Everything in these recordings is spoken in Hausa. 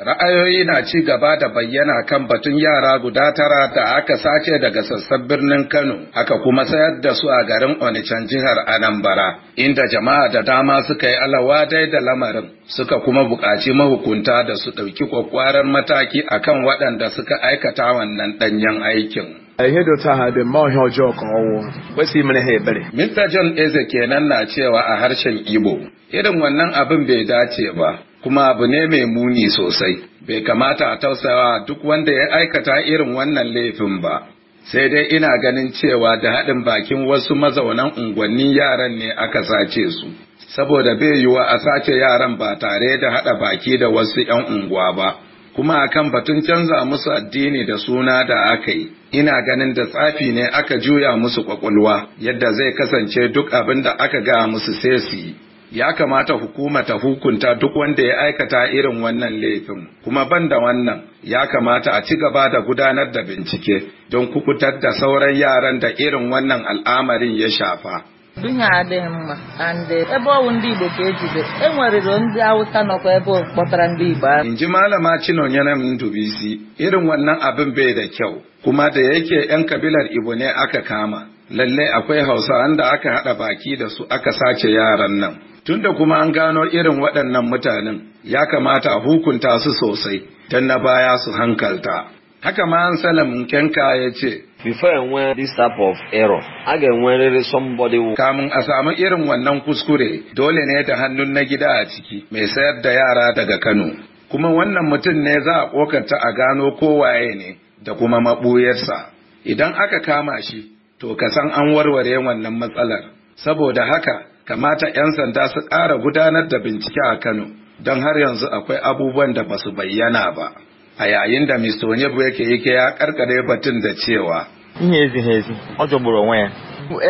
Ra'ayoyi na ci gaba da bayyana kan batun yara guda tara da aka sace daga sassan birnin Kano, aka kuma sayar da su a garin Onitshan jihar Anambra, inda jama'a da dama suka yi alawa dai da lamarin, suka kuma buƙaci mahukunta da su ɗauki kwakwaran mataki akan waɗanda suka aikata wannan ɗanyen aikin. ihe ha Mr. John Eze kenan na cewa a harshen Igbo irin wannan abin bai dace ba kuma abu ne mai muni sosai bai kamata a tausawa duk wanda ya aikata irin wannan laifin ba sai dai ina ganin cewa da haɗin bakin wasu mazaunan unguwannin yaran ne aka sace su saboda bai yiwa a sace yaran ba tare da haɗa baki da wasu 'yan unguwa ba kuma akan batun canza musu addini da suna da aka yi ina ganin da tsafi ne aka juya musu kwakwalwa yadda zai kasance duk abin da aka ga musu sai su yi ya kamata hukuma ta hukunta duk wanda ya aikata irin wannan laifin kuma ban da wannan ya kamata a ci gaba da gudanar da bincike don kukutar da sauran yaran da irin wannan al'amarin ya shafa Dunya adịghị mma ande ebe ọwụ ndị Igbo ka ejide ndị Hausa nọkwa ebe kpọtara ndị Igbo ahụ inji malama Chinonyere m irin wannan abin bai da kyau kuma da yake 'yan kabilar Igbo ne aka kama lallai akwai hausawan da aka haɗa baki da su aka sace yaran nan tunda kuma an gano irin waɗannan mutanen ya kamata a hukunta su sosai don na baya su hankalta haka ma an salam kenka ya ce before enwere this type of error a ga-enwerịrị somebody who kamun a samu irin wannan kuskure dole ne da hannun na gida a ciki mai sayar da yara daga kano kuma wannan mutum ne za a kokarta a gano kowaye ne da kuma maɓuyarsa idan aka kama shi to ka san an warware wannan matsalar saboda haka kamata 'yan sanda su ƙara gudanar da bincike a Kano don har yanzu akwai abubuwan da ba su bayyana ba a yayin da Mr. Onyebu yake yake ya karkare batun da cewa ihe ezi ha ezi ọ jọgburu onwe ya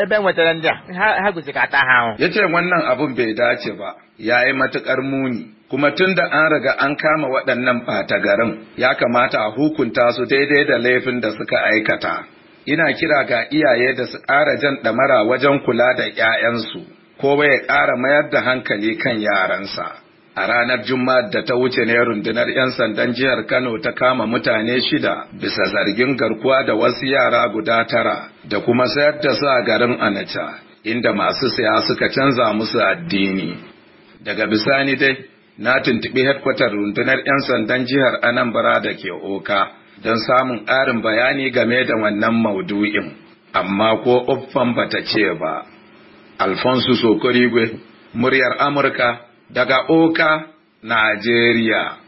ebe nwetara ndị a ha guzi ha ahụ ya ce wannan abun bai dace ba ya yi matukar muni kuma tun da an riga an kama waɗannan ɓata garin ya kamata a hukunta su daidai da laifin da suka aikata ina kira ga iyaye da su ƙara jan ɗamara wajen kula da 'ya'yansu kowa ya ƙara mayar da hankali kan yaransa a ranar juma'a da ta wuce ne rundunar 'yan sandan jihar kano ta kama mutane shida bisa zargin garkuwa da wasu yara guda tara da kuma sayar da su a garin anacha inda masu saya suka canza musu addini daga bisani dai na tuntuɓi hedkwatar rundunar 'yan sandan jihar anambra da ke oka don samun ƙarin bayani game da wannan maudu'in, amma ko uffan ta ce ba. Alfonso Sokorigwe, muryar Amurka, daga Oka, Najeriya.